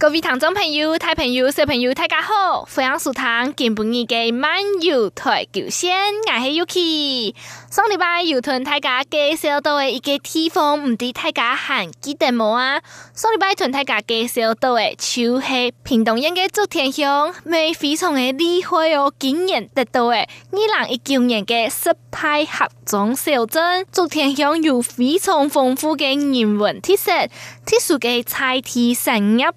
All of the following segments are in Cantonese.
各位聽眾朋友、大朋友、小朋友，大家好！歡迎收聽今晡日介漫遊台九線，我係 Uki。上禮拜有同大家介紹到的一個地方，唔知大家還記得冇啊？上禮拜同大家介紹到的，就係屏東縣嘅竹田鄉，係非常嘅厲害哦！經驗得到嘅二零一九年嘅十大客莊小鎮，竹田鄉有非常豐富嘅人文特色，特殊嘅菜地產業。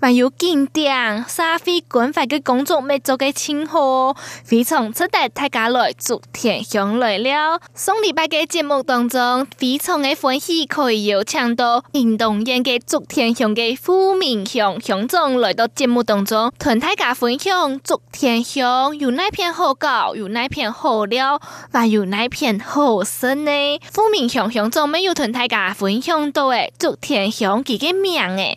還有經定、社會關懷的工作，沒做嘅清荷，非常期待大家來竹田鄉來了。雙禮拜的節目當中，非常的歡喜，可以有請到屏東縣的竹田鄉的傅明祥鄉長來到節目當中，同大家分享竹田鄉有哪片好搞，有哪片好料，還有哪片好生呢？傅明祥鄉長沒有同大家分享到嘅竹田鄉自個名嘅。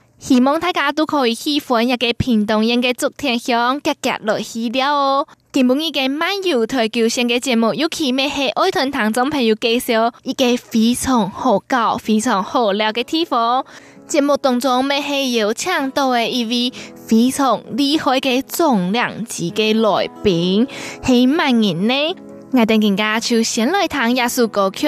希望大家都可以喜歡一個屏東人的竹田鄉，格格落喜了哦。今晡一個漫遊台球上嘅節目，尤其要係愛團糖中朋友介紹一個非常好搞、非常好料嘅地方。節目當中咩係要請到一位非常厲害嘅重量級嘅來賓，係慢言呢，我哋更加就先來聽一首歌曲。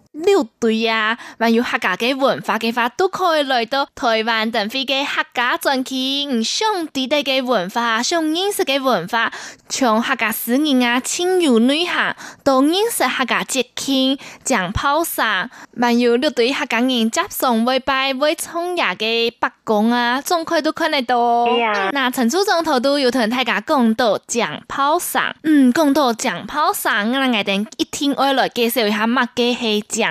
六堆啊，還有客家的文化嘅發都可以來到台灣燈會客家專區。唔同地帶的文化，唔同顏色嘅文化，像客家詩人啊、青游女俠，到認識客家節慶、攻炮城，還有六堆客家人接送外拜、拜冲牙嘅伯公啊，總歸都看得到。嗯、那陳祖總頭都有太共同大家講到攻炮城，嗯，講到攻炮城，阿拉 𠊎 等一定愛來介紹一下麼個係攻。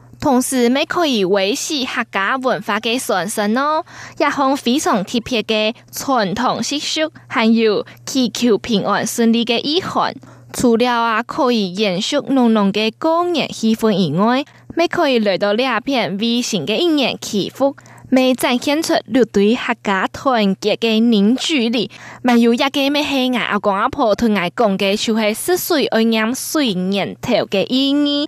同時，咪可以維繫客家文化嘅傳承咯，一項非常特別嘅傳統習俗，含有祈求平安順利嘅意涵。除了啊可以延續濃濃嘅過年氣氛以外，還可以來到另一片溫馨嘅新年祈福，咪展現出六堆客家團結嘅凝聚力。還有一個咪係阿公阿婆同阿公講嘅，就是洗水而淹水年頭嘅意義。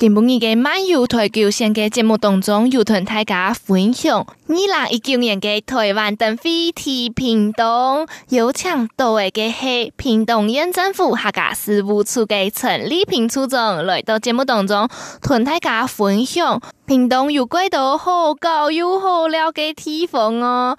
今本日嘅《漫遊台球》上嘅節目當中，由大家分享。二零一九年嘅台灣燈會，屏東有請到嘅係屏東縣政府下家事務處嘅陳麗萍處長來到節目當中，大家分享屏東有幾多好搞又好料嘅地方哦。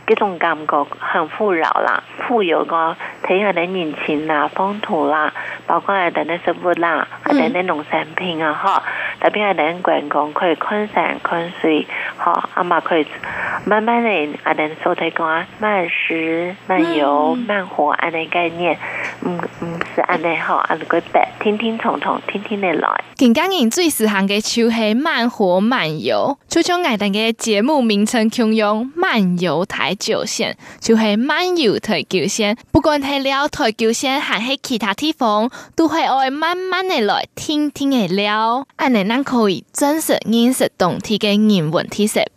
這種感覺很富饒啦，富有個，睇下你年前啦，風土啦，包括下等啲食物啦，啊等啲農產品啊，哈，特別係等觀光可以看山看水，哈，啊嘛可以慢慢嚟，啊等身體講啊慢食、慢遊、嗯、慢活啊啲概念，嗯。嗯安尼吼，安尼天天天天來。晉江人最喜歡嘅就是的慢活慢遊，就像 𠊎 等嘅節目名稱常用“慢遊台九線”，就是慢遊台九線。不管係聊台九線，還係其他地方，都會愛慢慢嚟來，天天嚟聊。安尼可以真實、認識當地嘅人文特色。